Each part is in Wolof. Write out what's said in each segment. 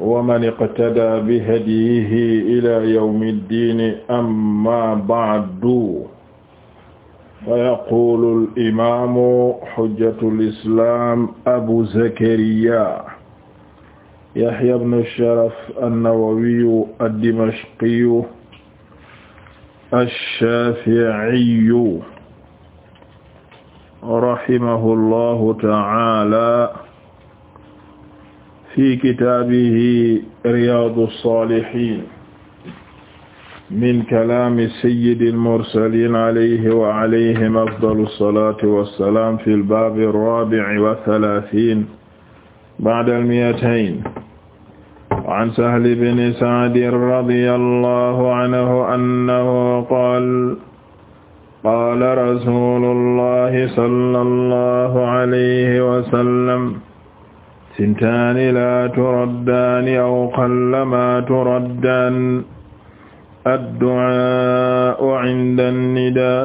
wa man iqtadaa bi hadyihi ilaa yawmi ddiini amma ba'du fa yaquulu al-imaamu hujjatul islaam abu zakariyaa yahyaa ibnu sharaf an-nawawiyyu ad-dimashqiyyu ash-shaafi'iyyu rahimahullaahu ta'aalaa fi kitaabihi riyaadu saalihiin min kalaami sayyidil mursaliin alayhi wa alayhim afdalu salaatu wa salaam fil baabi raabi'i wa salaasiin ba'dal mi'atayn an sahli bni sa'din radiyallaahu anhu annahu qaala qaala rasuulullaahi sallallaahu alayhi wa sallam sintaani laa turaddaani aw qallamaa turaddaan adducaa'u cinda annidaa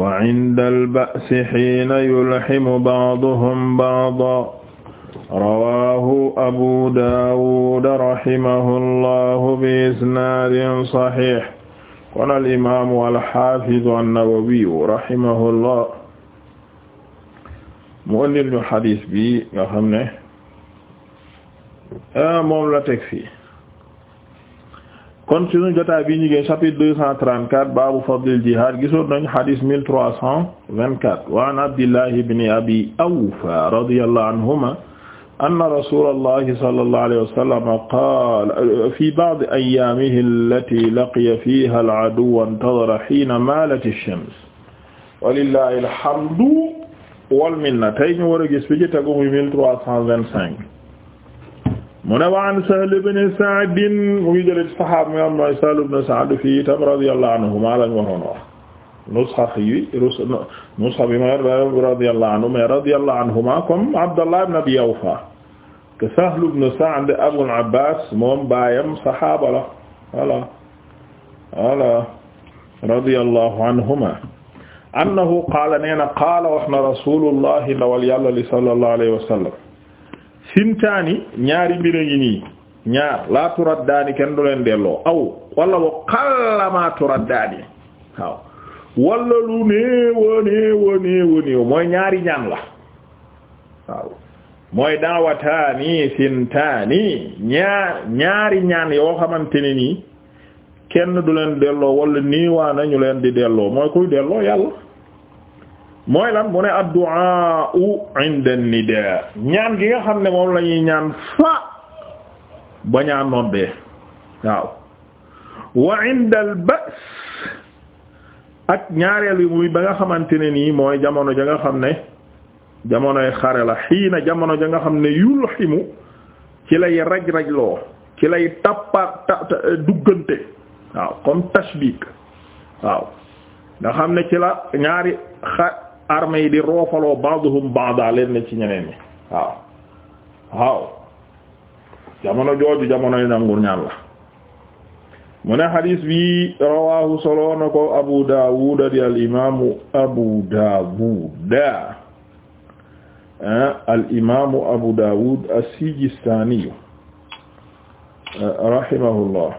wa cinda alba'si xiina yulximu bacduhum bacdan rawaahu abu daawuda rahimahu llahu bi isnaadin saxiix kon alimaamu alxaafidu annawawiyu rahimahu llah mu ëndil ñu xadis bi nga xam ne Ah, moom la teg fii kon suñu jotaay bi ñu ngi chapitre deux cent trente-quatre baabu fadlil jihaad gisoon nañ hadis mille trois cent vingt-quatre wa an Abdillah ibn Abi Awfa radiyallahu anhuma anna rasulallahi sallallahu alayhi wa sallam qaala fi ba'di ayyaamihi allati laqiya fiha al-aduwwa intadara hiina maalat ash-shams walillahi alhamdu wal minna tey ñu war a gis fi ci tegu mille trois cent vingt-cinq mu ne waan Sahl ibn Sa'd mu ngi jëlee ci saxaaba mi am mooy Sahl ibn Sa'd fii itam radiyallahu anhu maa lañ waroon wax nusxa yi nusxa bi ma radiyallahu anhu mais radiyallahu anhuma comme Abdallah ibn Abi Awfa te Sahl ibn Sa'd Abul Abbas moom baayam saxaaba la voilà voilà radiyallahu anhuma annahu qaala nee na qaala wax na rasulullah ndawal yàlla li sallallahu alayhi wa sallam sintaani ñaari mbir a ngi nii ñaar laa turaddaani kenn du leen delloo aw wala wa xallamaa turaddaani waaw wala lu néewa néewa néewa néew mooy ñaari ñaan la waaw mooy daawataani sintaani ñaar ñaari ñaan yoo xamante ne nii kenn du leen delloo wala niiwaana nañu leen di delloo mooy kuy delloo yàlla mooy lan mu ne addu'a inda nidaa ñaan gi nga xam ne moom lañuy ñuy ñaan fa ba ñaan noddee waaw wa inda al ba's ak ñaareel muy ba nga xamante ne nii mooy jamono ja nga xam ne jamonoy xare la xiina jamono ja nga xam ne yulximu ci lay raj-rajloo ci lay tappa duggante waaw comme tashbik waaw nga xam ne ci la ñaari xa armée yi di roofaloo ba'dhum ba'da leen na ci ñeneen ñi waaw waaw jamono jooju jamono yi nangur ñaan la mu ne xadis bi rawahu solo na ko Abu Dawud di al imaamu Abu Dawud eh, al imaamu Abu Dawud as-Sijistani eh, rahimahullah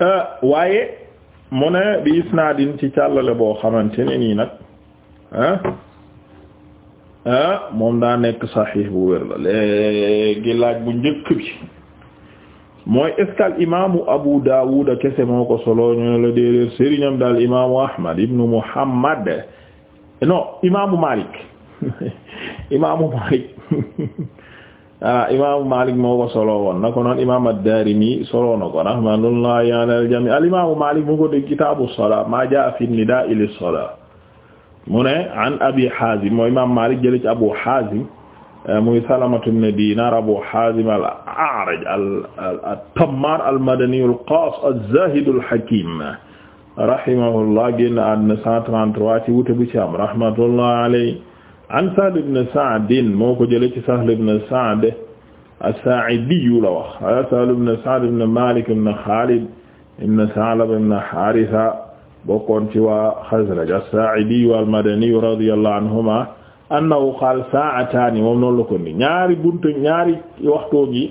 eh, waaye mu ne bi isnaadin ci càllale boo xamante ne nii nag ah ah moom daa nekk saxiix bu wér la léegi laaj bu njëkk bi mooy est-ce que al imaamu Abu Daawuda kese moo ko solo ñu ne la déedéet sëriñam daal imaamu Ahmad ibnu Muhammad non imaamu Maalik imaamu Maalik Ah, imaamu Malik moo ko solo woon na ko noon imaam ad-Daarimi solo na ko rahmatullahi ala al-jamii al-imaamu Malik mu ko dégg kitaabu salaa maa jaa fi nidaa'i lis-salaa mu ne an Abi Haazim mooy imaam Malik jëlee ci Abu Haazim eh, muy Salamatu ibn Diinaar Abu Haazim al-A'raj at-Tammaar al-Madani al-Qaas az-Zaahid al-Hakiim rahimahullah génn àddina 133 ci wuute bu ci am rahmatullahi alayhi an Sahl ibn Sa'd moo ko jëlee ci Sahl ibn Sa'd as-Saa'idiyu la wax Sahl ibn Sa'd ibn Maalik ibn Xaalid ibn Sa'laba ibn Haarisa bokkoon ci waa Xasraj as-Saa'idiyu al-Madaniyu radiyallahu anhuma annahu qaala saa'ataani moom noonu la ko ni ñaari bunt ñaari waxtoo gi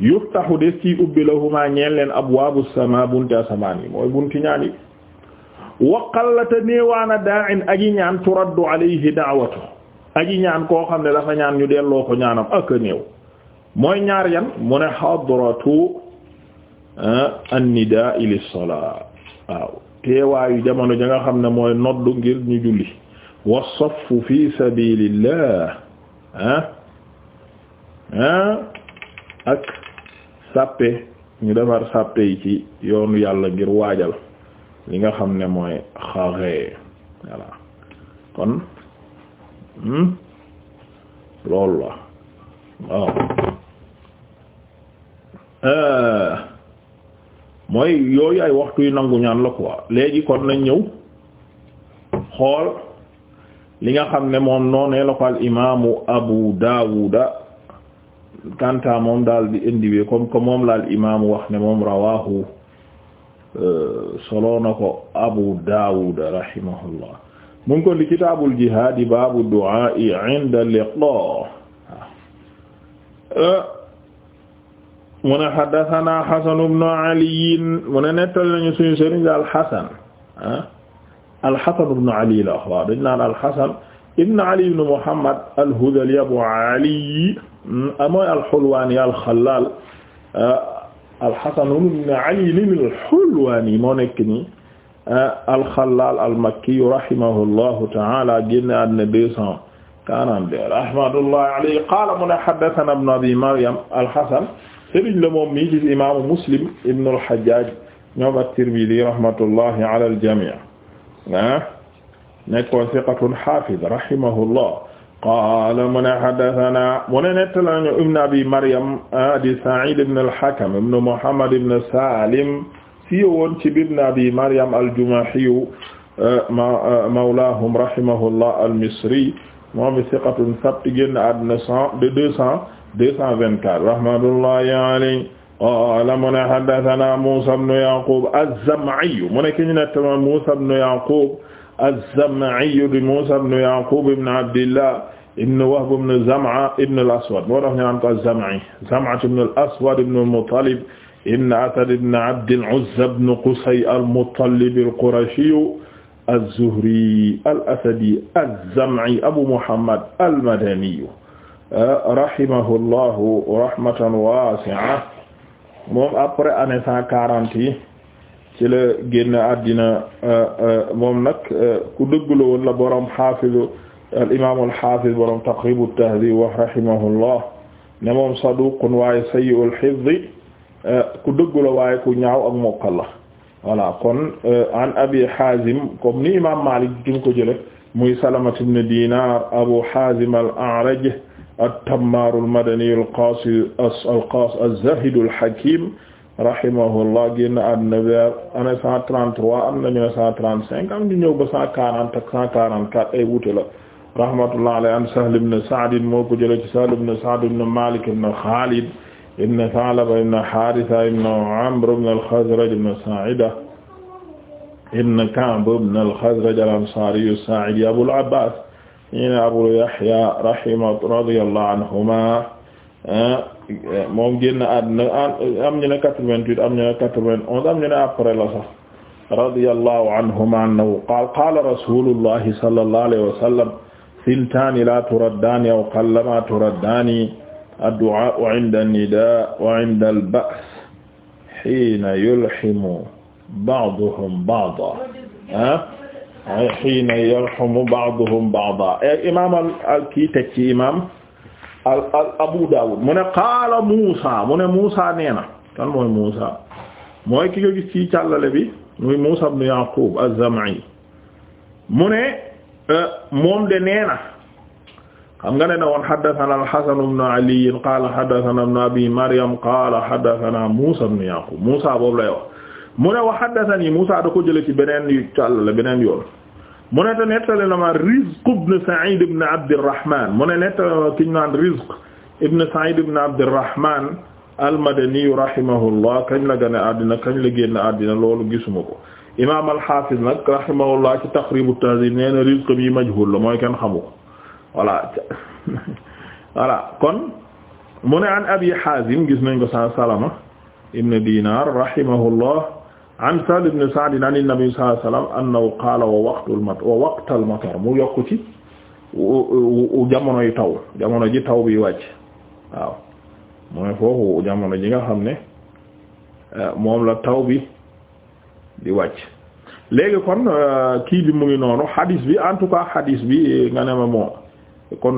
yuftahu des ci ubbi lahumaa ñeel leen abwaabu samaa bunti asamaan yi mooy bunti ñaani wa qallata néewaana daa'in aji ñaan turaddu alayhi da'watu aji ñaan koo xam ne dafa ñaan ñu delloo ko ñaanam ak néew mooy ñaar yan mu ne hadratu ah, an-nidaa lis-salaa waaw teewaayu jamono ja nga xam ne mooy noddu ngir ñu julli was-saffu fi sabiilillah ah, ah, ak sàppe ñu defar sàppe yi ci yoonu yàlla ngir waajal li nga xam ne mooy xaaree voilà kon hmm? loolu la waaw euh, mooy yooyu ay waxtu yu nangu ñaan la quoi léegi kon nañ ñëw xool li nga xam ne moom noonee la ko al imaamu Abu Daawuda kanta moom daal di indiwee kom que moom la al imaamu wax ne moom rawaahu Euh, solo na ko Abu Dawud rahimahullah mu ngi ko li kitaabul jihaad baabu du'aa inda liqaa euh, al-Hasan ah, al-Hasan ibnu Ali al-Hasan ibnu Ali ibnu Muhammad al-Hudhali Abu Ali hmm, ah, mooy al-Hulwaani al-Khallaal ah, al-Hasan ibn Ali al-Hulwani moo nekk nii al-Khallal al-Makki rahimahullahu ta'ala génn àddina deux cent quarante-deux rahmatullahi alayhi qaala mu ne haddathana ibn Abi Maryam al-Hasan sëriñ la moom mii di imaamu Muslim ibn al-Hajjaj ñoom at-Tirmidhi rahmatullahi ala al-jami' ah nekkoon thiqatun hafiz rahimahullah qaala mu ne haddasanaa mu ne nettalañu ibn abi Maryam di Sa'iid ibn al-Hakam ibn Muhammad ibn Salim si woon ci ibn abi Maryam al-Jumahiyu mawlaahum rahimahullah al-Misri moom siqatun sabt génn àddina cent de deux cent deux cent vingt-quatre rahmatullahi alayhi qaala mu ne haddasanaa Muusaa ibn Yaquub az-Zam'iyu mu ne ki ñu nettalañu Muusaa ibn Yaquub az-Zam'iyu di Muusaa ibn Yaquub ibn Abdillah ibn Wahb ibn Zam'a ibn al-Aswad moo tax ñu naan ko Zam'i Zam'a ibn al-Aswad ibn al-Muttalib ibn Asad ibn Abd al-Uzza ibn Qusay al-Muttalib al-Qurashi az-Zuhri al-Asadi az-Zam'i Abu Muhammad al-Madani rahimahullahu rahmatan wasi'a moom après année cent quarante yi ci la génn àddina euh, euh, moom nag euh, ku dëgg la woon la boroom hafizu al imaam al xaafiz borom taqrib at-tahdhib wa rahimahullah ne moom saduqun waaye sayyi'ul hifz ku dëggu la waaye ku ñaaw ak mokkal la voilà kon euh, an abi Haazim comme ni imaam Maalik gi ko jële muy Salamata ibn Diinaar Abu Haazim al-A'raj at-Tammaar al-Madani al-Qaasi al-Qaas az-Zaahid al-Hakiim rahimahullah génn àddina vers année 133 am na ñu ne 135 am ñu ñëw ba 140 ak 144 ay wuute la rahmatullah alayhi an Sahl ibn Sa'd moo ko jëlee ci Sahl ibn Sa'd ibn Malik ibn Khalid ibn Tha'laba ibn Haritha ibn Amr ibn al-Khazraj ibn Sa'ida ibn Ka'b ibn al-Khazraj al-Ansari as-Sa'idi Abul Abbas ñu ne Abu Yahya rahima radiyallahu anhuma moom génn àdduna am ñu ne 88 am ñu ne 91 am ñu ne après la sax radiyallahu anhuma annahu qaala qaala rasulullahi sallallahu alayhi wa sallam sintaani la turaddaani aw qallama turaddaani addu'a inda an-nidaa wa inda al-ba's hiina yulhimu ba'duhum ba'dan ah hiina yulhimu ba'duhum ba'dan eh, imaam al-kii teg ci imaam al al Abu Dawud mu ne qaala Muusa mu ne Muusa nee na kan mooy Muusa mooy ki nga gis ci càllale bi muy Muusa ibn Yaqub az-Zam'i mu ne. Euh, moom de nee na xam nga ne na woon xadatana alxasan ibnu ali qaala xadatana ibnu abi mariam qaala xadatana musa ibnu yaqub musa boobu lay wax mu ne wa xadatani musa da ko jële ci beneen yu càll la beneen yoon mu ne te nettale na ma rizq ibnu said ibnu abdirahman mu ne nettale ma ki ñu naan rizq ibnu said ibnu abdirahman almadaniyu rahimahullah kañ la gane àddina kañ la génn àddina loolu gisuma ko imaam al-Hafiz nag rahimahullah ci Taqrib at-Tahdhib nee la mooy kenn xamu ko voilà kon mu Abi Hazim gis nañ ko sa Salama ibn Dinar rahimahullah an Sahl ibn Sa'd an an-Nabi sallallahu alayhi wa sallam wa waqtul matar mu yokk ci jamono yi taw jamono ji taw bi wàcc waaw mooy foofu jamono ji nga xam ne eh, moom la taw bi di wàcc léegi kon euh, kii bi mu ngi noonu hadis bi en tout cas bi nga ne ma moom kon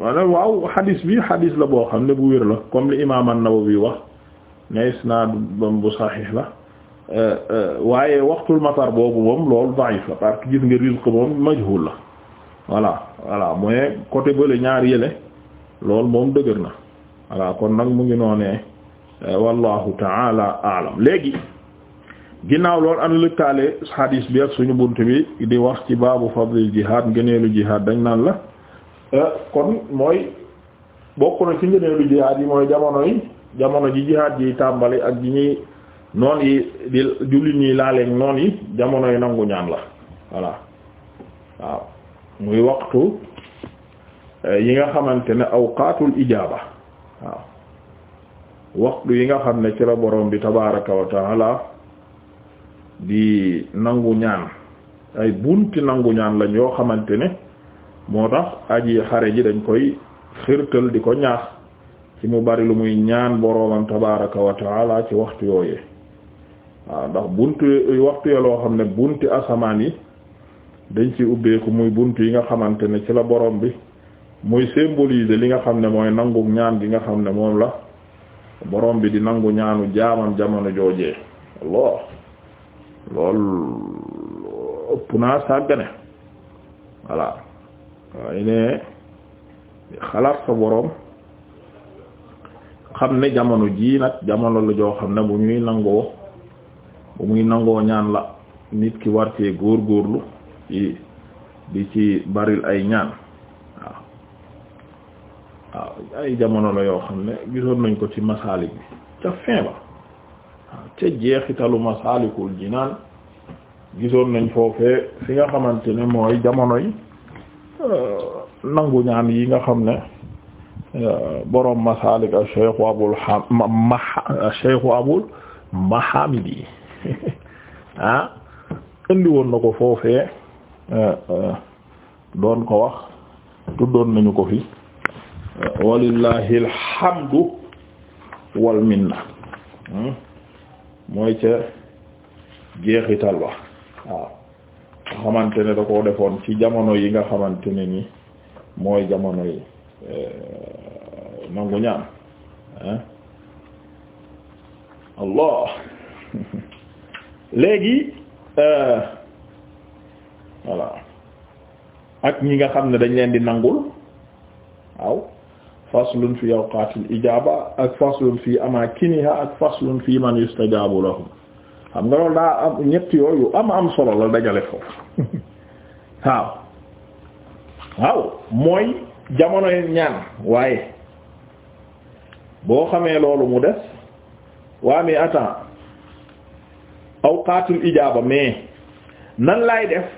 wala waaw hadis bi hadis la boo xam ne bu wér la comme li imaam an-Nawawi wax ne isnaad bu saxiix la euh, euh, waaye waxtul matar boobu moom loolu da'if la parce gis nga rizq moom majhul la voilà voilà mooy côté bële ñaar yéle loolu moom dëgër na voilà kon nag mu ngi noonee wallahu taala aalam léegi ginnaaw loolu an lëkkaale hadis bi ak suñu bunt bi di wax ci baabu fadlil jihad ngëneelu jihad dañ naan la euh, kon mooy bokk na ci ngëneelu jihad yi mooy jamono yi jamono ji jihad tàmbali ak ñuy noon yi di jullit ñi laaleeg yi jamono yi nangu ñaan la voilà waaw muy waxtu euh, yi nga xamante ne awqaatul ijaaba waaw waxtu yi nga xam ne ci la borom bi tabaraka wa taala di nangu ñaan ay bunti nangu ñaan lañ yoo xamante ne moo tax aji xare ji dañ koy xirtal di ko ñaax ci mu bari lu muy ñaan boroomam tabaraka wa ci waxtu yooyee waaw ndax buntu waxtu ya loo xam ne bunti asamaan yi dañ ci ubbeeku muy bunt yi nga xamante ne ci la borom bi muy symboliser li nga xam ne mooy nangu ñaan gi nga xam ne moom la borom bi di nangu ñaanu jaamam jamono joojee Allah loolu ëpp naa sàggane voilà waaye ne xalaat sa boroom xam ne jamono jii nag jamono la joo xam ne bu ñuy nangoo bu muy nangoo ñaan la nit ki war góor góorlu di ci baril ay ñaan waaw ay jamono la yoo xam ne gisoon nañ ko ci masaalik bi ca fin ba ca jeexitalu Masaalikul Jinaan gisoon nañ foofee fi nga xamante ne mooy jamonoy euh, nangu ñaan yi nga xam ne euh, boroom Masaalik ak Cheikh Abul ma Cheikh Abul ah indi woon ko foofe euh, doon ko wax tuddoon nañu ko fi walillahi alhamdu wal minna hmm? mooy ca jeexital ba waaw nga xamante ne da koo defoon ci jamono yi nga xamante ne nii mooy jamono yi euh, nangu ñaan ah allah léegi euh, voilà ak ñi nga xam ne dañ leen di nangul waaw faslun fi awqaatil ijaaba ak faslun fi amaakiniha ak faslun fi man yustajaabu lahum xam nga loolu daa am ñett yooyu am am solo la dajale foofu waaw waaw mooy jamonoy ñaan waaye boo xamee loolu mu des waa mais attends awqaatul ijaaba mais nan laay def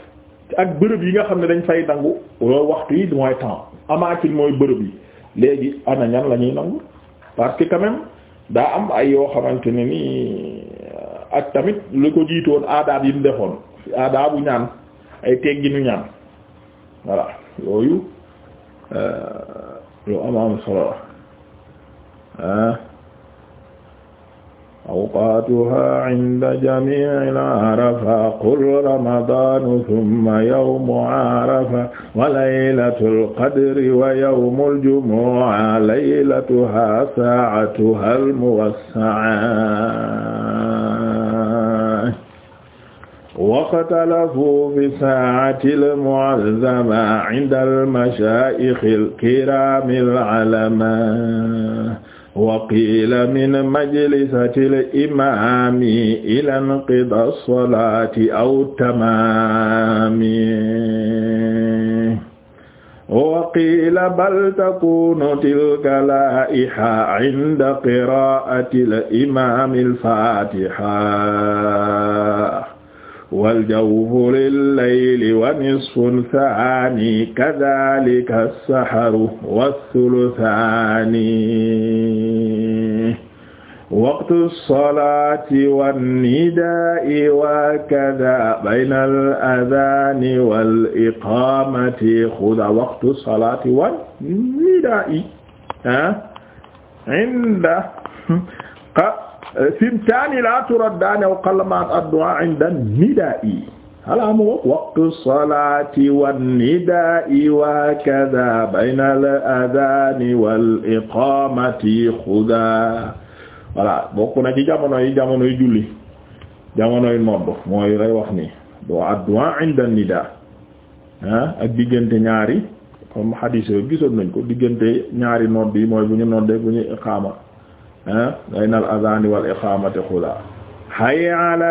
ak bërëb yi nga xam ne dañ fay nangu loolu waxtu yi mooy temps amaakin mooy bërëb yi léegi ana ñan lañuy ñuy nangu parce que quand daa am ay yoo xamante ne ni euh, ak tamit lu ko jiitoon aadaab yi mu defoon aadaabu ñaan ay tegginu ñaan voilà yooyu euh, lu am am solo ah awqaatuha inda jamiil arafa qul ramadanu thumma yawmu arafa wa laylatul qadri wa yawmul jumu'a laylatuha saa'atuha al-muwassa'a waqtalafu fi saa'atil mu'azzama inda al-mashaayixil kiraamil 'alamaa wa qiila min majlisati al-imaami ilaa inqidaa as-salaati aw tamaami wa qiila bal takuunu tilka laa'iha inda qiraa'ati al-imaami al-faatiha waljawfu lillayli wa nisfu saani kadhalika saharu wa thuluthaani waqtu salaati wan nidaa'i wa kadaa baynal adaani wal iqaamati xuda waqtu salaati wan nidaa'i ah inda simtaani laa turaddaani aw qallamaa addu'aa inda nidaa'i halaa mu wax waqtu salaati wan nidaa'i wa kadaa baynal adaani wal iqaamati xuda voilà bokk na ci jamono yi jamonoy julli jamonoy nodd mooy lay wax nii doo addu'a inda nida ah ak diggante ñaari comme hadis yooyu gisoon nañ ko diggante ñaari nodd yi mooy bu ñu noddee bu ñu iqaama ah baynal adhaani wal iqaamati xuda hayya ala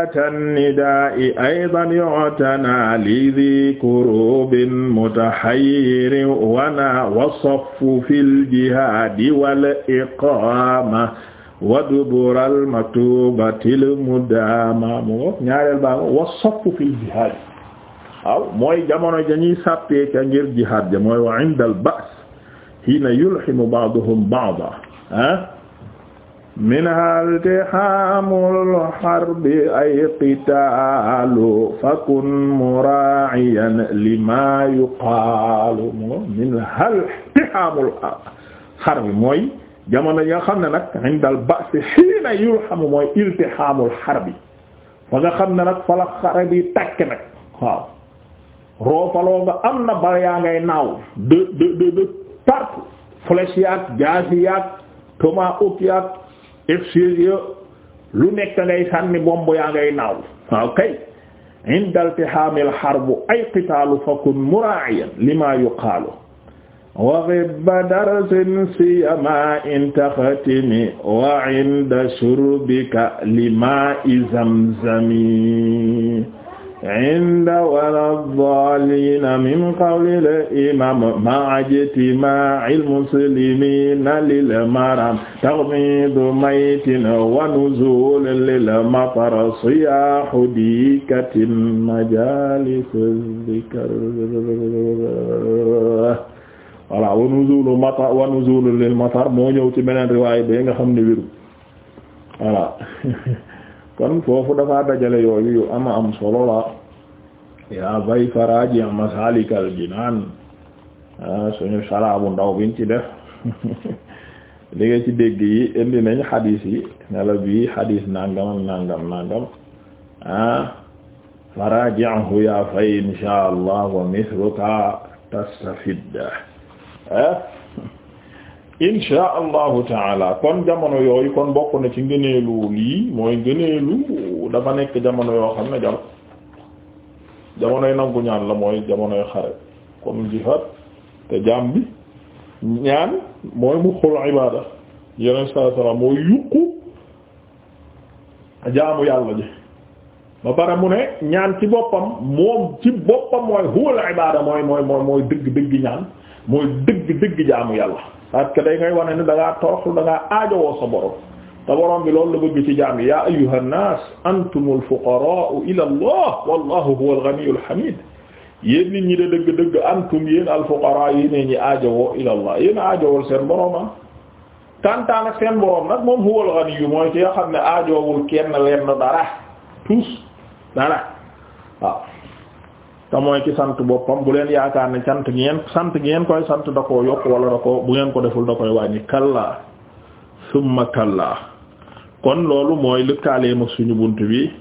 nidaa'i aydan yu'tana li dhi kurubin mutahayyirin wana wasaffu fil jihaadi wal iqaama wadubural maktubatil mudama mu ngo ñaareel baa ngo wa soppu fil jihaad waaw mooy jamono dañuy sàppee ca ngir jihaad ja mooy wa inda al ba's hina yulhimu ba'duhum ba'da ah minha iltihamul harbi ay qitaalu fakun muraa'iyan lima yuqaalu mu ngo minha iltihamul harbi mooy jamono yi nga xam ne nag inda al ba's hiina yulhamu mooy iltihaamul harbi fa nga xam ne nag fa la xare bi takk nag waaw roofaloo nga am na bal yaa ngay naaw de de de de partout flèche yaag jaasi yaag toma ut yaag fcge lu nekk ngay sànni bomb yaa ngay naaw waaw kay inda iltihaamil harbu ay qitaalu fakun muraa'iyan lima yuqaalu وغب درس سيما إن تختم وعند شربك لماء زمزم عند ولا الضالين من قول الإمام مع اجتماع المسلمين للمرام تغميد ميت ونزول للمطر صياح ديكة مجالس الذكر voilà wa nuzulu matar wa nuzulu lil matar moo ñëw ci beneen riwaay ba nga xam ne wéru voilà kon foofu dafa dajale yooyu yu ama am solo la yaa bay faraji masalikal jinaan suñu saraabu ndaw biñ ci def li nga ci dégg yi indi nañ xadiis yi ne la bii xadiis nangam nangam nangam ah faraji'hu yaa fay insha allah wa mithluka tastafid ah insha allahu taala kon jamono yooyu kon bokk na ci ngëneelu lii mooy ngëneelu dafa nekk jamono yoo xam ne jar jamonoy nangu ñaan la mooy jamonoy xare comme jihaad te jaam bi ñaan mooy mu xul ibaada yeneen saa yuqu jaamu yàlla ji ba pare mu ne ñaan ci boppam moom ci boppam mooy huwal mooy mooy dëgg dëgg ñaan mooy dëgg dëgg jaamu yàlla parce que day ngay wane ne da ngaa toroxlu da aajowoo sa borom te borom bi loolu la bëgg ci jaam yi ya ayyuha nnaas antumul fuqaraa'u ila allah wallahu huwal ghaniyyul hamid yéen nit ñi de dëgg dëgg antum yéen al fuqaraa yéen ñi aajowoo ila allah yéen aajowol seen borom ah tantaan ak seen borom nag moom huwal ghaniyu mooy ci nga xam ne aajowul kenn leen dara tous dara waaw te mooy ci sant boppam bu leen yaakaar ne sant ngeen sant ngeen koy sant da koo yokk wala da ko bu ngeen ko deful da koy wàññi kallaa summa kallaa kon loolu mooy lëkkaalee suñu bunt bi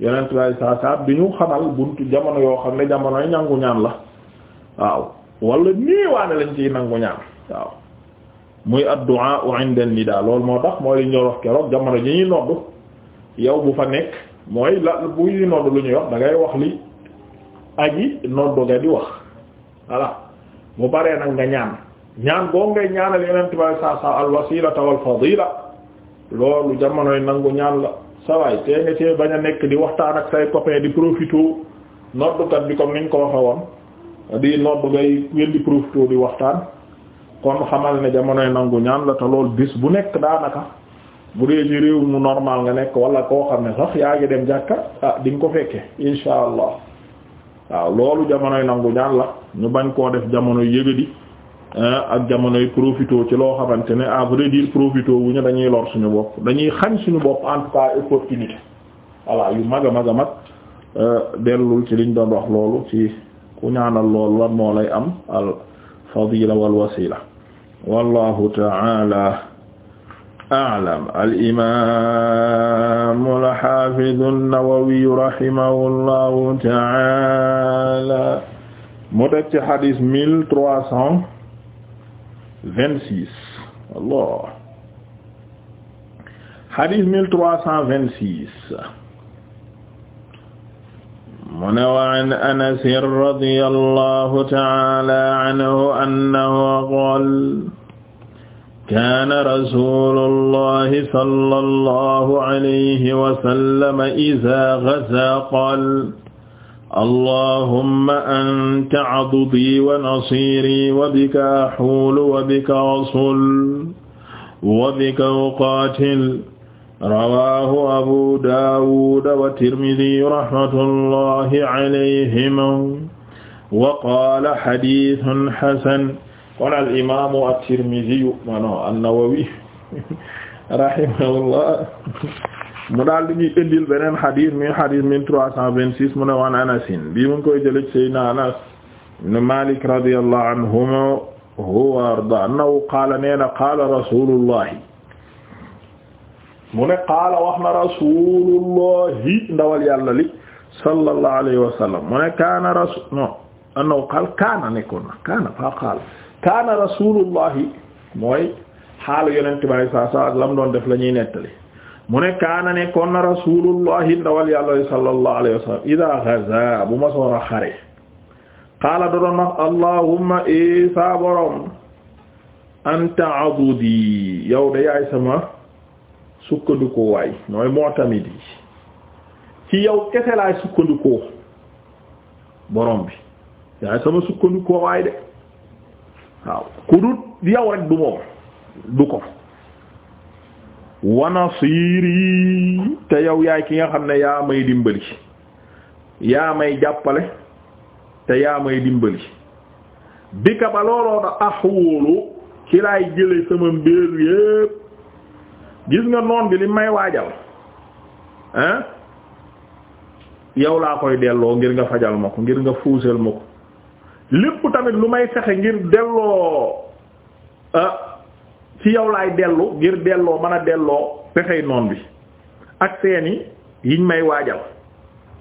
yeneen way saa saab bi ñu xamal bunt jamono yoo xam ne jamonoy nangu ñaan la waaw wala niiwaane lañ ciy nangu ñaan waaw muy addu'a inda nidaa lool moo tax mooy li ñu wax keroog jamono ji ñuy nodd yow bu fa nekk mooy la buy nodd lu ñuy wax da aji noddu nga di wax voilà bu baree nag nga ñaan ñaan boo ngay ñaanal yeneen tubaab saa saa al wasilata fadila loolu jamonoy nangu ñaan la sawaay tee nga cee bañ a nekk di waxtaan ak say copain di profito noddukat bi comme niñ ko waxe woon di noddu ngay wen di profito di waxtaan kon xamal ne jamonoy nangu ñaan la te lool bis bu nekk daanaka bu dee ci réew mu normal nga nekk wala koo xam ne sax yaa ngi dem jàkka ah di ko fekke insha allah waaw loolu jamonoy nangu ñaan la ñu bañ koo def jamono yëgadi ak jamonoy profito ci loo xamante ne à vrai dire profito wu ñu dañuy lor suñu bopp dañuy xañ suñu bopp en tout cas opportunité yu mag a mag a mag euh, dellul ci liñ doon wax loolu ci ku ñaanal loolu lan moo lay am al fadila wal wasila wallahu ta'ala a'lam al-imaam al-haafiz an-Nawawi rahimahullahu ta'aala mu teg ci xadis mille trois cent vingt six Allah xadis mille trois cent vingt six mu ne wa an Anas radiyallahu ta'aala anhu annahu qaala kaana rasuulullahi sallallahu alayhi wa sallam izaa gazaa qaala allahumma anta adudii wa nasiirii wa bika ahuulu wa bika asuul wa bika uqaatil rawaahu abu daawuda wa tirmidii rahmatullahi alayhimaa wa qaala hadiisun hasan kon al imaamu at-Tirmiziyu mano an-Nawawi rahimahullah mu daal di ñuy indil beneen xadis mi xadis mille trois cent vingt six mu ne waan anasin bii mu ngi koy jëlee Seydina Anas ibn Malik radiyallahu anhuma huwa arda annahu qaala nee na qaala rasulullahi mu ne qaala wax na rasulullahi ndawal yàlla li sallallahu alayhi wa sallam mu ne kaana rasul non annahu qaala kaana nekkoon na kaana fa qaala kaana rasulullahi mooy xaalu yonente bi saa saa doon def la ñuy nettali mu ne kaana ne kon na rasulullahi ndawal yàlla sallallahu alayhi wa bu ma soon a xare xaala da doon wax borom anta abudi yow da yaay sama sukkandikoo waay mooy mootamit yi ci yow kese borom bi yaay sama sukkandikoo waay waaw ku dut yow rek du moom du ko wanasiri te yow yaay ki nga xam ne yaa may dimbali yaa may jàppale te yaa may dimbali bi ka ba looloo tax axwóolu ci laay jële sama mbir yépp gis nga noon bi li may waajal hein yow laa koy delloo ngir nga fajal ma ko ngir nga fuusal ma ko lépp tamit lu may fexe ngir delloo ah, ci yow laay dellu ngir delloo mën a delloo pexey noon bi ak seeni yiñ may waajal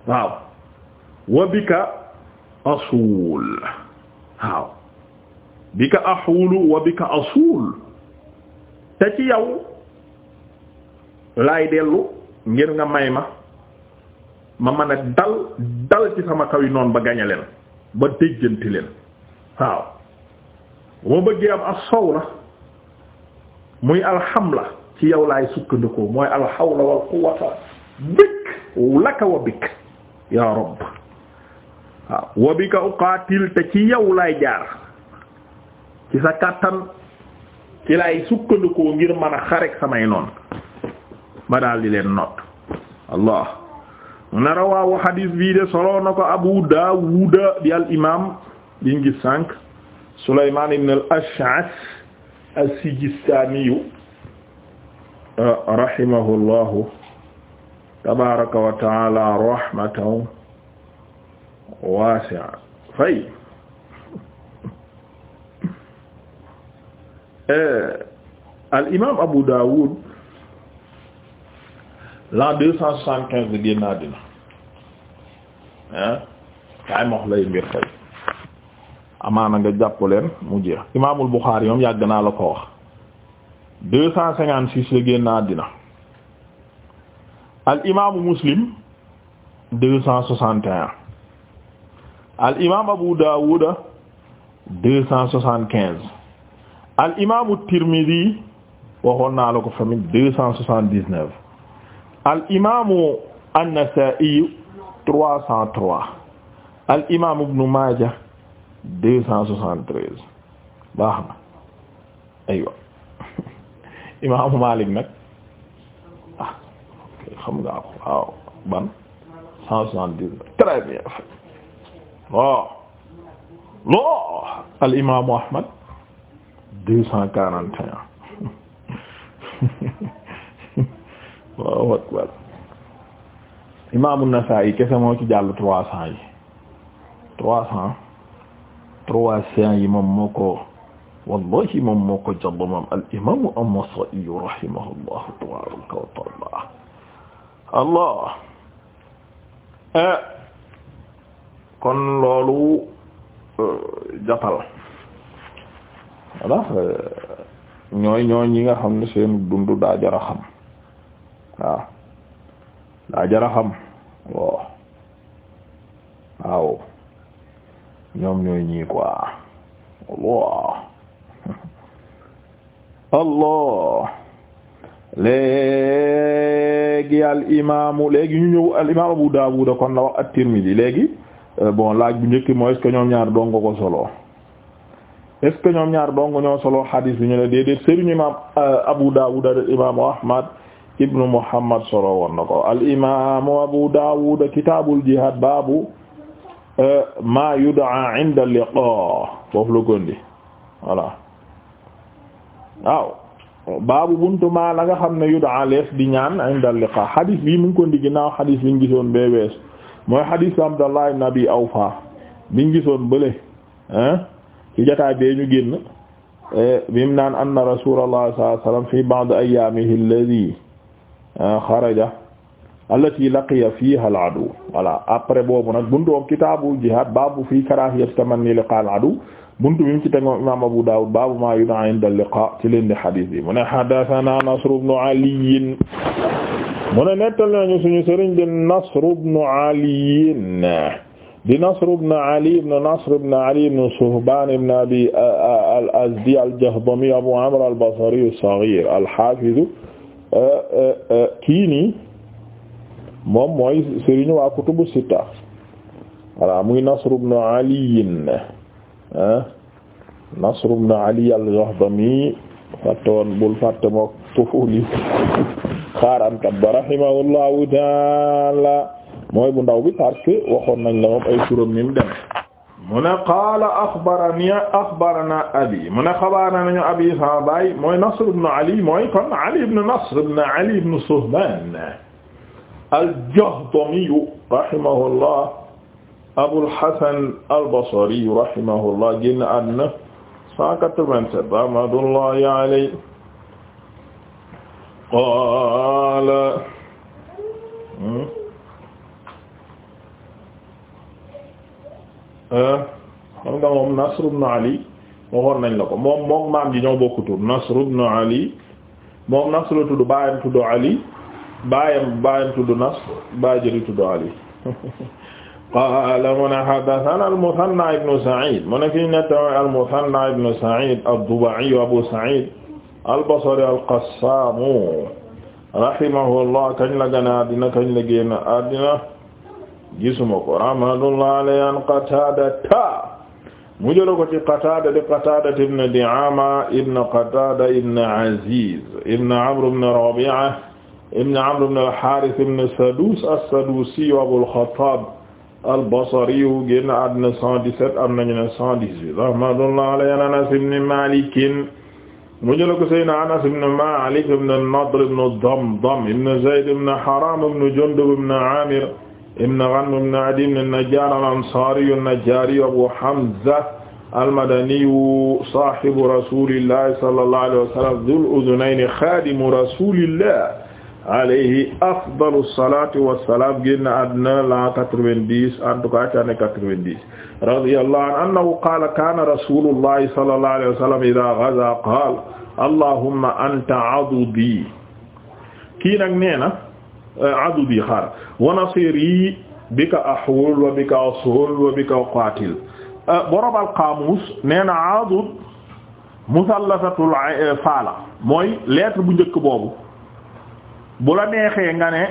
waaw wa bika asuul waaw bika bika asuul te ci yow laay dellu ngir nga may ma ma man a dal dal ci sama kaw yi ba gañe leen ma déjjanti leen waaw bu ma bëggee am ak sow la muy la ci yow laay sukkandikoo mooy alxawla wal quwwata bik laka wa bik yaa rabb waaw wa bika uqaatil te ci yow laay jaar ci sa kàttan ci laay sukkandikoo ngir mën a xarek samay noon ma daal di leen noot allah mun a rawaawu xadiis bii de solo na ko abu daawuda di al imaam biñ gis sànq sulaymaan ibn al ash'as as-sijistaaniyu rahimahullahu tabaaraka wa taala rahmatan waasi'a fay eh, al imaam abu daawud l'an deux cent la génn àddina ah kaay ma lay mbir tay amaana nga jàpp leen mu jeex imaamul Buxaari moom yàgg naa la ko wax deux cent cinquante-six la génn àddina al imaamu Muslim et un al imaam Abu Daawuda al imaamu Tirmidi waxoon naa la ko famille deux cent soixante al imaamu an-Nasaa'i 303 al imaamu Ibnu Maaja 273 baax na aywa imaamu Maalik nag ah xam nga ko waaw ban 170 très bien waaw non al imaamu Ahmad 241 waaw akbar imaamu Nasaa'i kese moo ci jàll trois cents yi trois wallahi moom moo ko jàll moom al imaamu an-Nasaa'i rahimahullahu tabaaraka allah eh. kon loolu euh, jàppal voilà euh, ñooy ñi nga xam ne seen dundu daa jar waaw daa jara xam waaw waaw ñoom ñooy ñii quoi allah allah léegi al imaamu léegi ñu ñëw al imaam Abu Daawuda kon la wax at-Tirmidhi léegi euh, bon laaj bu njëkk mooy est-ce que ñoom ñaar dong ko solo est-ce ñoom ñaar dong ñoo solo xadiis bi ñu ne déedéet sëriñ imaam euh, Abu Daawuda imaamu Ahmad ibnu muhammad solo woon na ko abu daawud kitaabul jihaad baabu e, maa yudaa inda la gondi voilà waaw baabu buntu maa la xam ne yudaa lees di ñaan inda liqaa mu ngi ginaaw xadiis bi ñu gisoon wees mooy xadiis abdallah ibn abi awfa bi bële ci jotaay bee ñu génn e, bim naan anna fi ba'd ayyaamihi alladhi Euh, xaraja allati laqiya fiha al adu voilà après boobu nag buntu kitaabu jihad baabu fii karaahiyati tamanni liqa al adu buntu bi mu ci tegoon imaam Abu Dawud baabu maa yunhaa inda al liqa ci leen di xadiis bi mu ne haddasanaa Nasr ibn Ali mu ne nettali nañu suñu sëriñ di Nasr ibn Ali di Nasr ibn Ali ibn Nasr ibn Ali ibn Suhbaan ibn Abi al-Azdi al-Jahdami Abu Amr al-Basri as-Saghir al-Haafiz Euh, euh, euh, kii nii moom mooy sëriñu waa kutubu sitta voilà muy Nasr ibn Ali ah Nasr ibn Ali al-Jahdami fàtte woon bul fàtte mook Tufuli xaarankat ba rahimahullahu taala mooy bu ndaw bi parce que waxoon nañ la moom ay turam ni mu demee mu ne qaala axbarani axbarana abi mu ne xabaana nañu abi sama baay mooy Nasr ibn Ali mooy kon Ali ibn Nasr ibn Ali ibn Suhban al-Jahdami rahimahullah Abul Hasan al-Basri rahimahullah génn àddina 187 rahmatullahi alayhi qaala hmm? Euh, xam nga moom Nasr ibn Ali waxoon nañ la ko moom moom maam ji ñoo bokk tur Nasr ibn Ali moom Nasr la tudd baayam tudd Ali baayam baayam tudd Nasr baay jëri tudd Ali qaala mu ne haddathana al-Muthanna ibn Sa'id mu ne fi nettama al-Muthanna ibn Sa'id ad-Duba'i Abu Sa'id al-Basri al-Qassamu rahimahullah kañ la gane addina kañ la génn addina gisuma ko rahmatullah alayhi an qatadata mu jëla ko ci qatada de qatada ibn diama ibn qatada ibn aziz ibn amr ibn rabi'a ibn amr ibn al-harith ibn sadus as-sadusi abul khattab al-basri génn àddina 117 am nañu ne 118 rahmatullah alayhi an anas ibn malik mu jëla ko sayyidina anas ibn malik ibn nadr ibn damdam ibn zayd ibn haram ibn jundub ibn amir ibn Ghanm ibn Adi ibn an-Najjar al-Ansari an-Najjari Abu Hamza al-Madaniyu sahibu rasulillahi sallallahu alayhi wa sallam dhul udhunayni khadimu rasulillahi alayhi afdalu salati wassalam génn àddina la 90 en tout cas ci année 90 radiyallahu anhu annahu qala kana rasulullahi sallallahu alayhi wa sallam idha ghaza qala allahumma anta adudi kii nag nee na Eh, adudi xaar wa nasiri bika ahul wa bika asul wa bika uqatil eh, borom al qaamus nee na adud musallasatul eh, faala mooy lettre bu njëkk boobu bu la neexee nga ne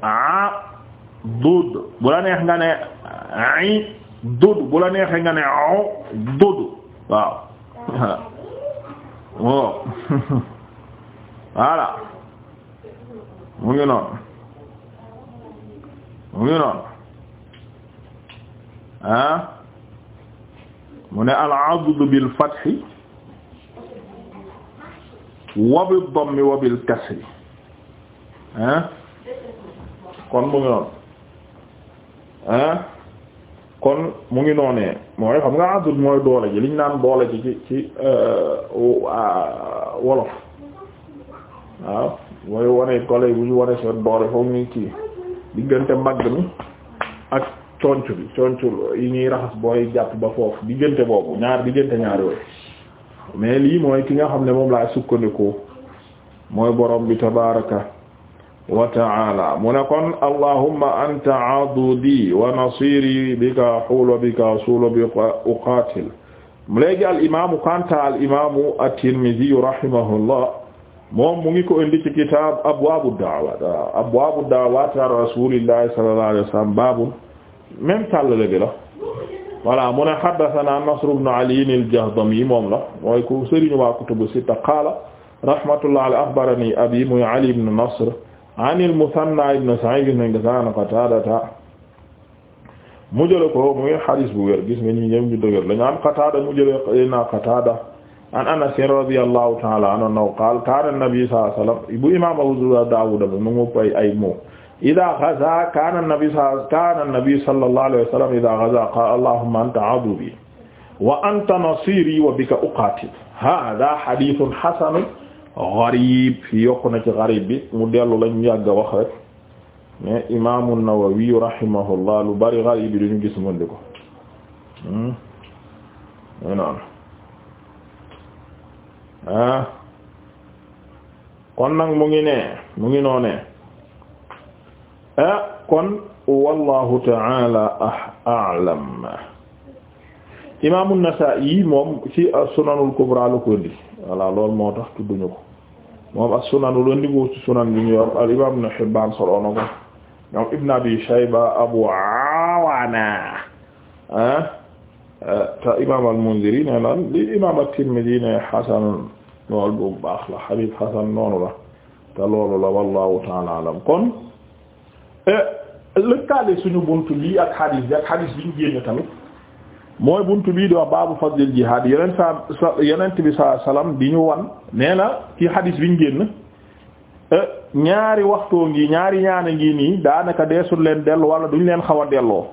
adud bu la neex nga ne idud bu la neexee nga ne udud waaw waaw voilà mu ngi noonu mu ngi noonu ah mu ne al-'adlu bil-fathi wa bid-dammi wa bil-kasri ah kon mu ngi noonu ah kon mu ngi noonee mooy xam nga adl mooy doole ji liñ naan doole ji ci ci euh, ah, wolof waaw mooy wane doole bu ñu wane seen doole foog ñu kii. diggante mbagg mi ak conc bi conc yi ñuy raxas booy jàpp ba foofu diggante boobu ñaar diggante ñaar yooyu mais lii mooy ki nga xam ne moom laa sukkandiku mooy borom bi tabaraka wa taala mu ne kon allahumma anta adudi wa nasiri bika xul wa bika asul wa bika uqatil léegi al imamu kanta al imamu at-Tirmidhi moom mu ngi ko indi kitaab abwaabu da'waat abwaabu da'waat ar rasuulillahi sallallahu alayhi wa sallam baabun même tàllale bi la mu ne haddathana Nasr ibn Ali al-Jahdami moom la mooy ku sëriñu waa kutubu sitta qaala rahmatullah alayhi akhbarani abi muy Ali ibn Nasr an al-Muthanna ibn Sa'id ibn Qatada mu jële ko muy hadis bu wér gis nga ñi ñëw ñu dëgër lañu am an anas radiyallahu ta'ala anhu qaala kaana nabi sallallahu alayhi wa sallam bu imaam Abu Daawuud bi mu ngi koy ay moom idaa ghazaa kaana nabi kaana nabi sallallahu alayhi wa sallam idaa ghazaa qaala allahumma anta aduwwii wa anta nasiirii wa bika uqaatil haadaa hadiisun hasanun gariib fi yokku na ci gariib bi mu dellu lañu yàgg a wax rek mais imaamu Nawawi rahimahullah lu bari gariib bi duñu gis mën di ko hmm? ah kon nag mu ngi ne mu ngi noo ne kon wallahu taala ah, a'lam imaamu Nasaa'i moom ci as-sunanul kubra la ko indi voilà moo tax tudduñu ko moom as-sunanul indi wu ci sunan bi al imaam Ibn Hibbaan solo na ko Ibn Abi Shayba Abu Awaana ah te imaam al-Mundiri nee na li imaam at-Tirmidhi ne xasan lool bu baax la xadiis xasan noonu la te loolu la wallahu taala alam kon eh, lëkkaale suñu buntu lii ak xadiis bi ak xadiis bi ñu génn tamit mooy buntu bii di wax baabu fadlil jihaad yeneen bi sa salaam di ñu wan nee na ci xadiis bi ñu génn eh, ñaari waxtoo ngi ñaari ñaana ngi nii daanaka deesul leen dellu wala duñ leen xaw a delloo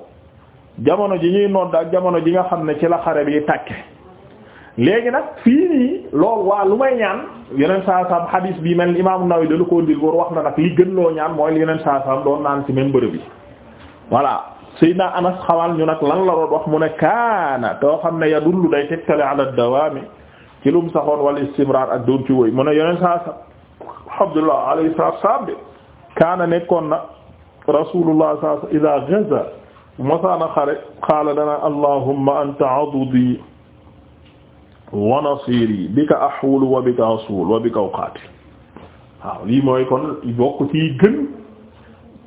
jamono ji ñuy nodd ak jamono ji nga xam ne ci la xare bi tàkke léegi nag fii nii loolu waa lu may ñaan yeneen saa saam hadis bi mel Imaamu Nawawi dalu ko ndil wax na nag li gën loo ñaan mooy yeneen saa saam doon naan ci même bërëb bi voilà Seydina Anas xawal ñu nag lan la doon wax mu ne kaana too xam ne yadullu day tegtale ala dawaami ci lum saxoon wala istimrar ak doon ci woy mu ne yeneen saa saam Abdullah alayhi salaam kaana nekkoon na Rasulullah sallallahu masaana xare qaala dana allahumma anta adudi wa nasiri bika ahwulu wa bika asul wa bika uqaati waaw lii mooy kon bokk ci gën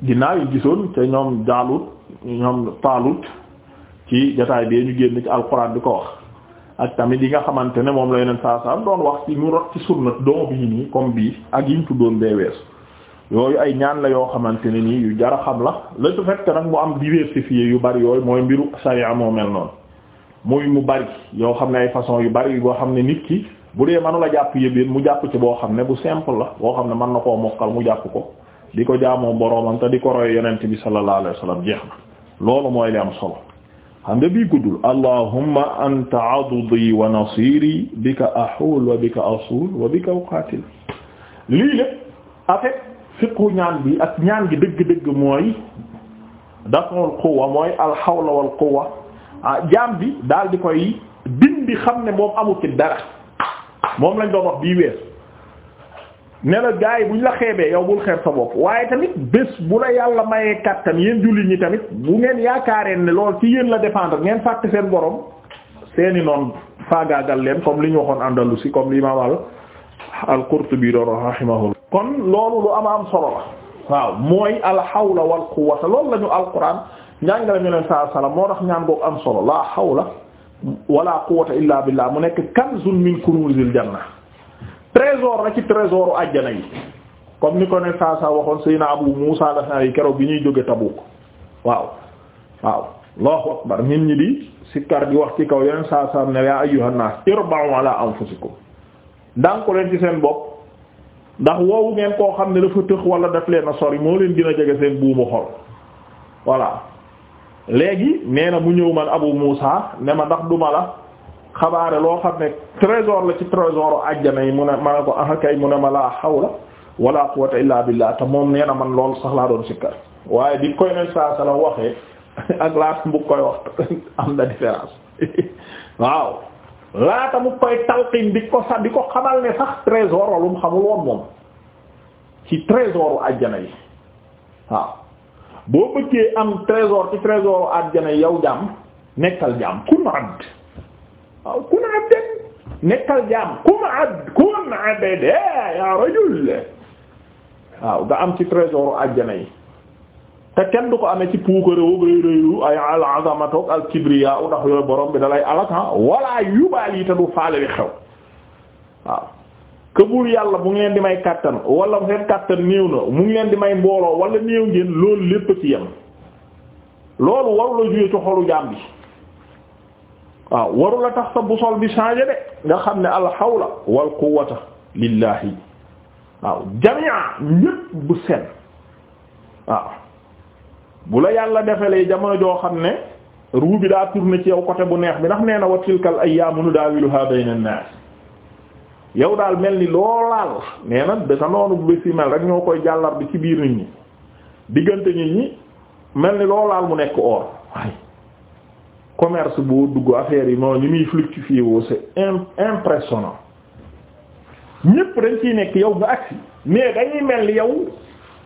ginnaaw yi gisoon te ñoom jaalut ñoom taalut ci jotaay bee ñu génn ci alxuraan di ko wax ak tamit yi nga xamante ne moom la yeneen saa saa doon wax ci ñu rot ci sunna doom yi nii comme bii ak yi ñu tuddoon bee weesu yooyu ay ñaan la yoo xamante ne nii yu jara a xam la le fait que nag mu am diversifié yu bari yooyu mooy mbiru sharia moo mel noonu muy mu bari yoo xam ne ay façon yu bari yoo xam ne nit ki bu dee mënu la jàpp yëpp mu jàpp ci boo xam ne bu simple la boo xam ne mën na koo mokkal mu jàpp ko di ko jaamoo boroomam te di ko roy yonent bi sallallahu alayhi wa sallam jeex na loolu mooy li am solo xam nga bii guddul allahumma anta adudi wa nasiri bika ahul wa bika asul wa bika fiqhu ñaan bi ak ñaan gi dëgg-dëgg mooy daful quwwa mooy alxawla wal quwwa ah, jaam bi daal di koy dindi xam ne moom amu ci dara moom lañ doon bii wees ne la gars yi buñ la xeebee yow bul xeeb sa bopp waaye tamit bés bu la yàlla mayee kàttan yéen jullit ñi tamit bu ngeen yaakaaree ne lool ci yéen la dépendre ngeen fàtte seen borom seeni noon faagaagal leen comme li ñu waxoon Andalusi comme l'imam al al Qurtubi doon rahimahullah kon loolu lu am am solo la waaw mooy alxawla wal quwwata loolu la ñu alquran njàngale ñu leen saa salaam moo tax ñaan boobu am solo laa xaw la xawla wala quwwata illa billah mu nekk kanzun min kunuzil janna trésor la ci trésoru àjjana yi comme ni ko ne saa saa waxoon Seydina Abu Muusa al-Ash'ari keroog bi ñuy jóge Tabuk waaw waaw Allahu akbar nit ñi di sikkar di wax ci kaw yeneen saa saa ne yaa ayyuhan naas irba'u ala anfusikum daan ko leen ci seen ndax woowu ngeen koo xam ne dafa tëx wala daf leen a sori moo leen gën a jege seen buumu xol voilà léegi nee na mu ñëw man Abu Muusa ne ma ndax duma la xabaare loo xam ne trésor la ci trésor ajjana yi mu ne ma ne ko ah kay mu ne ma laa hawla wala quwwata illa billah te moom nee na man lool sax laa doon sikkar waaye di koy nen saa sala waxee ak laata bu koy wax am na différence waaw laata mu koy talqin di ko sax di ko xamal ne sax trésor walum xamul woon moom ci trésoru àjjana yi waaw boo bëggee am trésor ci trésoru àjjana yi yow jaam nekkal jaam kun abd waaw kun abd nekkal jaam kun abd kun abd ya rajul waaw nga am ci trésoru àjjana yi te kenn du ko amee ci puukareewu rëy rëyu ay al bi dalay alaka walla yubaal yi te du faale li xew waaw que yàlla mu ngi leen di may kàttan wala mu seen kàttan néew na mu ngi leen di may mbooloo wala néew ngeen loolu lépp ci yem loolu waru la juyee ci xolu jaam bi waaw waru tax sa busol bi changé de nga xam ne al hawla wal quwwata lillahi waaw jamia ñépp bu seen waaw bu la yàlla defalee jamono joo xam ne ruu bi daa tourné ci yow côté bu neex bi ndax nee na wa tilkal ayyaamu daa bayna an-naas yow daal mel ni loolaal nee na da bu bés yi mel rek ñoo koy jàllar ci biir nit ñi diggante nit ñi mel ni loolaal mu nekk or commerce boo dugg affaire yi noonu ñu muy fluctuer woo c'est impressionnant ñépp dañ ciy nekk yow nga agsi mais dañuy mel ni yow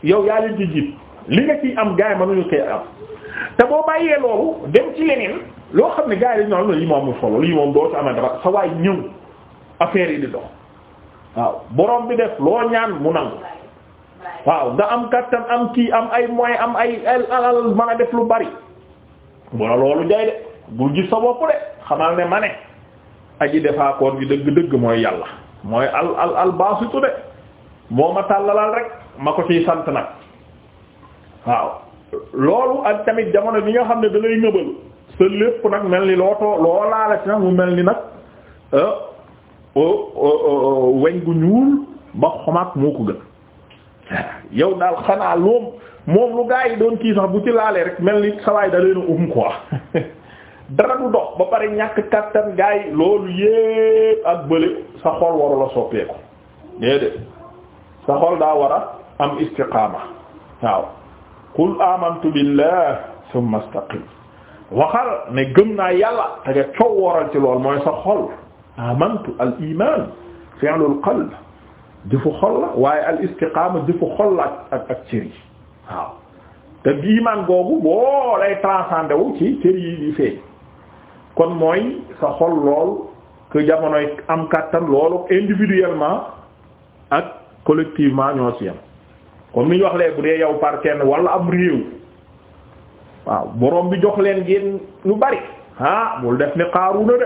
yow yaa leen ci jiit li nga ciy am gars yi mënuñu koy am te boo bàyyee loolu dem ci leneen loo xam ne gars yi dañu naan lii moom mu solo lii moom doo ci amee dara sa waay ñëw affaire yi di dox waaw borom bi def loo ñaan mu nangu waaw nga am kattan am kii am ay moyens am ay alal mën a def lu bari wala loolu jay de bu gis sa bopp de xamal ne ma ne aji defaakoon gi dëgg-dëgg mooy yàlla mooy al al al baasitu de moo ma tàllalal rek ma ko ciy sant nag waaw loolu ak tamit jamono bi nga xam ne da lay sa lépp nag mel ni loo too loo laala ci nag mu mel ni nag euh, euh, euh, weñ gu ñuul ba xomaat moo ko gën yow daal xanaa loom moom lu gaa yi doon kii sax bu ci laalee rek mel ni sawaay da leen a um quoi dara du dox ba pare ñàkk kattan gaa yi loolu yépp ak bële sa xol warula soppeeku déedéet sa xol daa war a am istiqaama waaw qul amantu billah thumma istaqim waxal ne gëm naa yàlla te nga coow waral ci lool mooy sa xol amantu al iman fi'lul qalb jëfu xol la waaye al istiqama jëfu xol la ak ak cër yi waaw te iman googu boo lay transcender wu ci cër yi di feeñ kon mooy sa xol lool que jamonoy am kàttan loolu individuellement ak collectivement ñoo ci yam kon ni ñu wax léegi bu dee yow par kenn wala am réew waaw borom bi jox leen ngeen lu bari ah bul def ni xaaru na de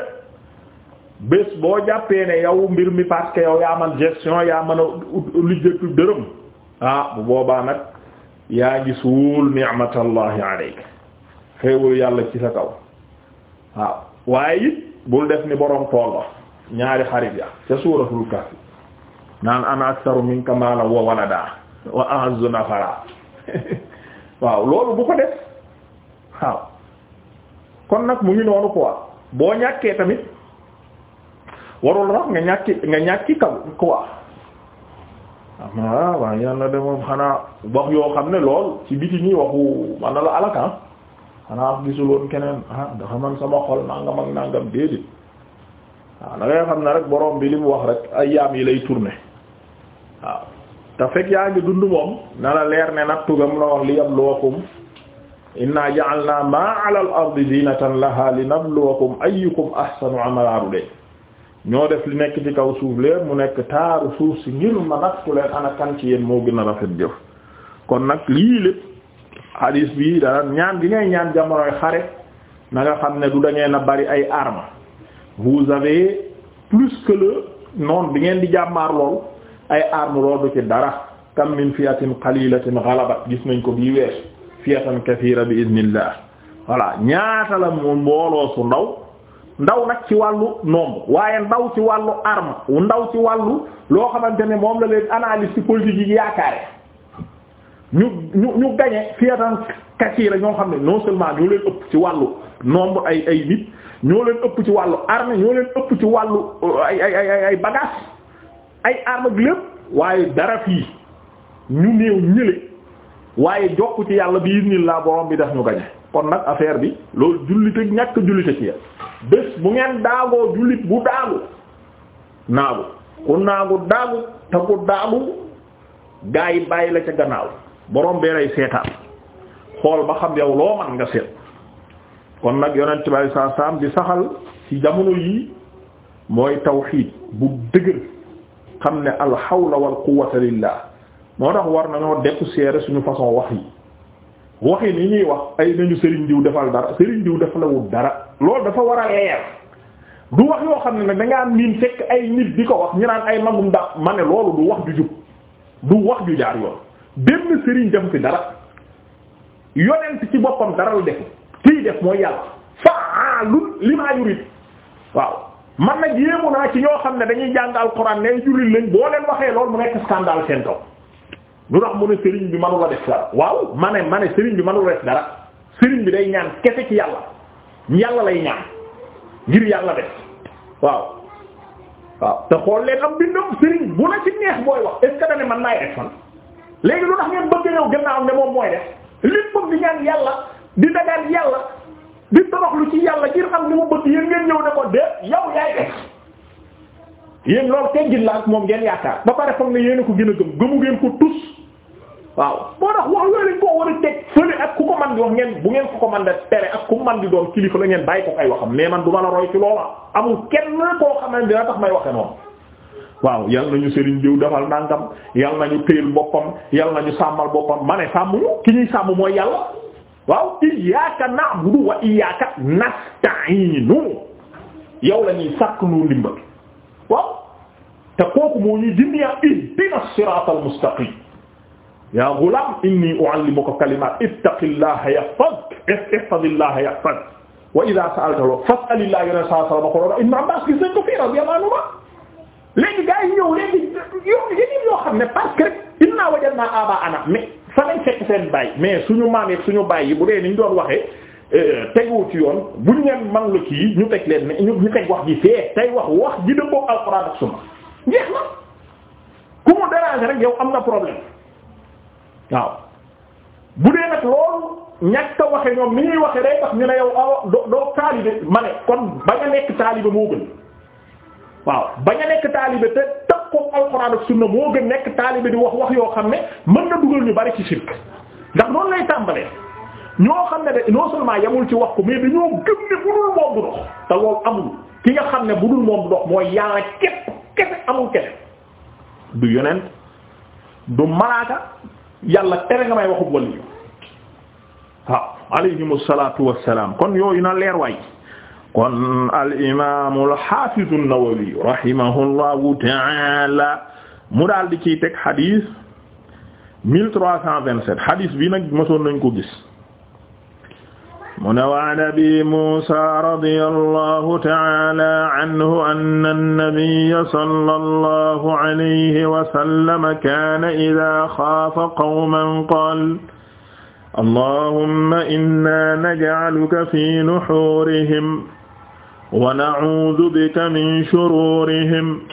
bés boo jàppee ne yow mbir mi parce que yow yaa man gestion yaa mën a lijjatu dërëm ah bu boobaa nag yaa ngi suul ni'matallahi alayka xéewalu yàlla ci sa kaw waaw waaye it bul def ni borom tool ba ñaari xarit ya ca suuratul kahf naan ana aktaru minka maalan wa walada wa a'azzu nafara waaw loolu bu ko def waaw kon nag mu ngi noonu quoi boo ñàkkee tamit warul rax nga ñàkki nga ñàkki kaw quoi ah, de xanaa wax yoo xam ne lool ci biti ñi waxu man na la alakan ah. xanaa wax gisuloon keneen ah dafa man sama xol nangam ak nangam déedéet waaw ah, da ngay xam ne rek boroom bi li mu wax rek ay yaam yi lay tourner waaw te fekk yaa ngi dund moom na la leer ne nattu gam la wax li yabluwakum inna ja'alna ma 'ala al-ardi zinatan laha linabluwakum ayyukum ahsanu 'amala de ñoo def li nekk ci kaw suuf leer mu nekk taaru suuf si ngir ma nattu leen ana kan ci yéen moo gën a rafet jëf kon nag lii lépp hadis bi dara ñaan gi ngay ñaan jamonoy xare na nga xam ne du da ngeen a bari ay armes vous avez plus que le noon bi ngeen di jàmmaar lool ay arme loolu du ci dara kam min fiatin qalilatin ghalabat gis nañ ko bii weesu fiatan kathira bi idnillah voilà ñaata la moom mbooloo su ndaw ndaw nag ci wàllu nombre waaye ndaw ci wàllu wu ndaw ci wàllu loo xamante ne moom la leen analyste politique yi yaakaare ñu ñu ñu gañe fiatan kathira ñoo xam ne non ñoo leen ëpp ci wàllu nombre ay ay nit ñoo leen ëpp ci wàllu arme ñoo leen ëpp ci wàllu ay ay ay arme lépp waaye dara fii ñu néew ñële waaye jokk ci yàlla bi iznillah borom bi daf ñu gañe kon nag affaire bi loolu jullite ñàkk jullite ci yàlla bés bu ngeen daagoo jullit bu daagu naagu ku naagu daagu te ku daagu gaa bàyyi la ca gannaaw borom bee lay seetaan xool ba xam yow loo man nga seet kon nag yonent bi saa saam di saxal ci jamono yii mooy tawxiid bu dëgër xam ne al hawla wal quwwata lillah moo tax war na nañoo dépoussiérer suñu façon wax yi wax yi ñuy wax ay nañu Serigne Diw defal dara Serigne Diw defalawul dara loolu dafa war a leer du wax yoo xam ne nag da ngaa miin fekk ay nit di ko wax ñu naan ay magum ndax ma ne loolu du wax ju jub du wax ju jaar yoon benn Serigne def fi dara yonent ci boppam dara lu def kii def mooy yàlla fa'aalun limaa yurid waaw. man nag yéemu naa ci ñoo xam ne dañuy jàng alxuraan ne jullit lañ boo leen waxee lool mu nekk scandale seen kaw lu tax mu ne sëriñ bi manu la def dara waaw ma ne ma ne sëriñ bi manu la def dara sëriñ bi day ñaan kese ci yàlla yàlla lay ñaan ngir yàlla def waaw waaw te xool leen am bindam sëriñ bu la ci neex booy wax est-ce man naay def fan léegi lu tax ngeen bëgg ñëw gannaaw ne moom mooy def lépp bëgg di ñaan yàlla di dagaan yàlla di toroxlu ci yàlla ngir xam li mu ngeen ñëw ne ko de yow yaay def yéen loolu teggin la ak moom ngeen yaakaar ba pare foog ne yéen ko gën a gëm gëmu ngeen ko tus waaw moo tax wax yooyu lañ war a teg fële ak ku ko man di wax ngeen bu ngeen ko ko man di tere ak ku man di doon kilifa la ngeen bàyyi ko kay waxam mais man du ma la roy ci loola amul kenn koo xam ne dina tax may waxe noonu waaw yal nañu Serigne Diouf defal nangam yal nañu téyel boppam yal nañu sàmmal boppam ma ne sàmm ñu ki sàmm mooy yàlla waaw iyyaka na'budu wa iyyaka nasta'inu yow la ñuy sàkk nu ndimbal waaw te kooku moo ñuy jindi yaa ihdina siratal mustaqim yaa ghulam inni u'allimuka kalimat ittaqillaha yahfazka ihfazillaha yahfazka wa idha sa'alta fas'alillah yone saa sala ma ko doon Ibn Abbas gis nañ ko fii radiyallahu anhu léegi gars yi ñëw léegi yow yeneen yoo xam ne parce que innaa wajadnaa aabaa'anaa mais fa lañ fekk seen baay mais suñu maam suñu baay yi bu dee ni ñu doon waxee euh, tegu ci yoon buñ leen man la kii ñu teg leen ne ñu teg wax ji fee tey wax wax ji dëppoo alxuraan ak sunna njeex na ku mu déranger rek yow am na problème waaw bu dee nag loolu ñàkk a waxe ñoom ni ñuy waxe day tax ñu ne yow aw doo doo taalibe ma ne kon bañ a nekk taalibe moo gën waaw bañ a nekk taalibe te alxuraan ak sunna moo gën nekk taalibe di wax wax yoo xam ne mën na dugal ñu bari ci sirk ndax noonu lay tàmbalee ñoo xam ne de non seulement yamul ci wax ko mais dañoo gëm ne bu dul moom du dox te loolu amul ki nga xam ne bu dul moom du dox mooy yàlla képp kese amul kese du yonent du malaaka yàlla tere nga may waxu waliyu waaw alayhimu salaatu wassalaam kon yooyu na leer waay kon al imaamu al xaafizu an-Nawawi rahimahullahu ta'ala mu daal di ciy teg xadis mille trois cent vingt-sept xadis bi nag mosoon nañ ko gis mu ne wa an abi Muusaa radiyallahu ta'ala anhu anna an-nabiyya sallallahu alayhi wa sallam kaana idhaa xaafa qawman qaala allahumma innaa naj'aluka fii nuhuurihim wa na'uudu bika min shuruurihim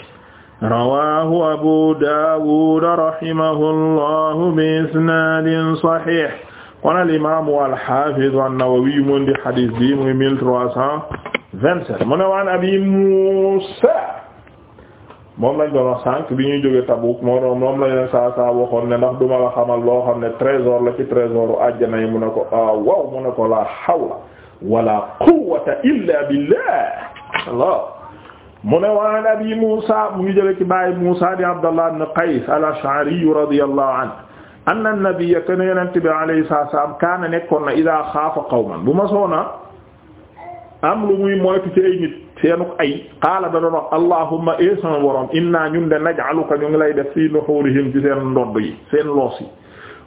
rawaahu abu daawud rahimahullahu bi isnaadin saxiix kon al imaamu al-xaafidu an-nawawi mu indi xadis bi muy mille trois cent vingt-sept mu ne waan abi muusa moom lañ doon wax sànq bi ñuy jóge Tabuk moo doon moom lañ leen saa saa waxoon ne ndax duma la xamal loo xam ne trésor la ci trésoru àjjana yi mu ne ko ah, waaw mu ne ko la hawla wala quwwata illa billah Allah mu ne wa an abi Musa mu ngi jële ci baay Musa di Abdallah ibn Qays al-Ash'ari radiyallahu anhu anna an-nabiyya kana yonent bi alayhi salaam kaana nekkoon na idaa xaafa qawman bu ma soona am lu muy moytu ci ay nit seenuk ay qaala da doon wax allahumma ee eh sama borom inna ñun de naj'aluka ñu ngi lay def fii nuhuurihim ci seen ndodd yi seen loos yi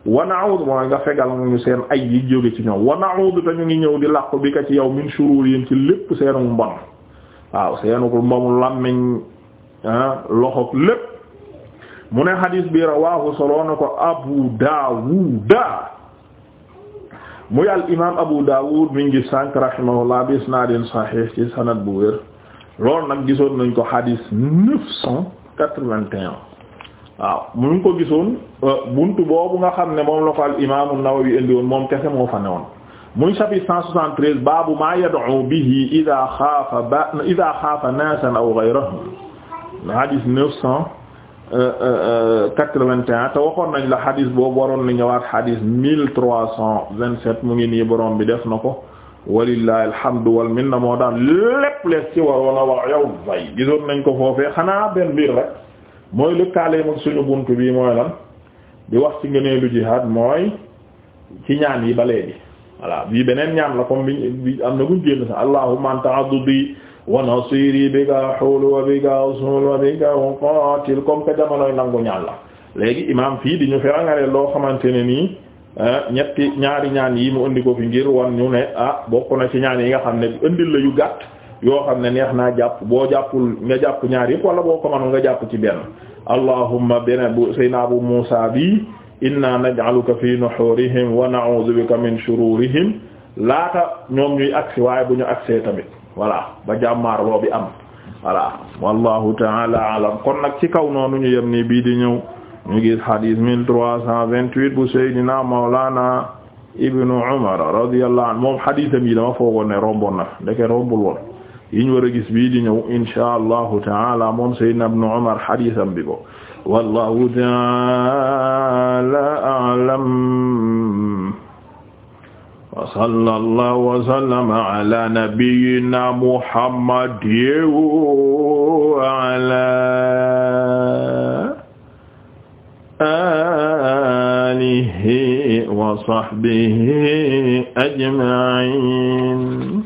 wa na'ud mooy nga fegal ñu seen ay yi jóge ci ñoom wa na'ud te ñu ngi ñëw di làqu bi ka ci yow min shurur yéen ci lépp seenu mbon waaw seenu mbonu làmmiñ ah, loxo lépp mu ne xadiis bi rawaahu solo na ko abu daawuda muy al imaam abu daawud mi ngi sànk rahimahullah bi isnaadin saxiix ci sanad bu wér lool nag gisoon nañ ko xadiis neuf cent quatre-vingt-un waaw mu ngi ko gisoon euh, buntu boobu nga xam ne moom la ko al imaamu Nawawi indi woon moom kese moo fa newoon muy chapitre 173 baabu maa yad'u bihi idaa xaafa ba idaa xaafa naasan aw ghayrahum hadis 981 euh, euh, te waxoon nañ la hadis boobu waroon na ñëwaat hadis 1327 mu ngi nii borom bi def na ko walillahi alhamdu wal minna moo daan lépp lees ci waroon a wax gisoon nañ ko foofee xanaa benn biir rek. mooy lëkkaaleem ak suñu bunt bi mooy lan di wax ci ngëneelu jihaad mooy ci ñaan yi ba léegi voilà bii beneen ñaan la comme bi am na buñ génn sax allahumma anta abdi wa nasiri bika hulu wa bika usul wa bika uqatil comme que jamonoy nangu ñaan la léegi imam fii di ñu ferangale loo xamante ne nii ah, ñetti ñaari ñaan yi mu indi ko fi ngir wan ñu ne ah bokk na ci ñaan yi nga xam ne indil la yu gàtt yoo xam ne neex naa jàpp boo jàppul nga jàpp ñaar yëpp wala boo ko mën nga jàpp ci benn allahumma beneen bu sayna abu musa bi inna naj'aluka fi nuhurihim wa na'udhu bika laata ñoom ñuy agsi waaye bu ñu agsee tamit voilà ba jàmmaar loo bi am voilà wallahu ta'ala alam kon nag ci kaw noonu ñu yem ni bii di ñëw ñu gis hadith 1328 bu seydina mawlana ibnu umar radiyallahu anhu moom hadith am dama foogoon ne romboon na ndeke rombul woon yiñ war a gis bii di ñëw inshaa allahu taala moom sayyidina ibn Umar xadiisam bi ko wallahu taala a'lam wa sallallahu wa sallama ala nabiyyina muhammadin wa ala alihi wa sahbihi ajma'in